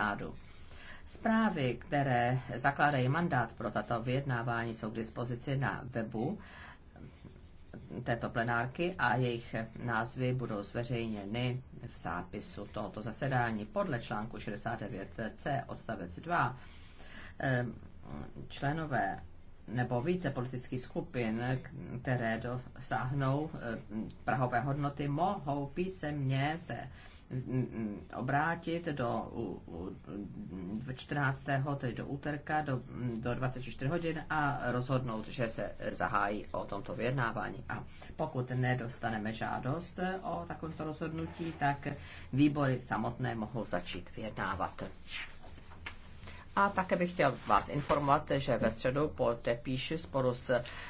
stádu. Zprávy, které zakládají mandát pro tato vyjednávání, jsou k dispozici na webu této plenárky a jejich názvy budou zveřejněny v zápisu tohoto zasedání podle článku 69c odstavec 2. Ehm, členové nebo více politických skupin, které dosáhnou eh, prahové hodnoty, mohou písemně se mm, mm, obrátit do 14. tedy do úterka do, mm, do 24 hodin a rozhodnout, že se zahájí o tomto vyjednávání. A pokud nedostaneme žádost eh, o takovémto rozhodnutí, tak výbory samotné mohou začít vyjednávat. A také bych chtěl vás informovat, že ve středu podepíši spolu s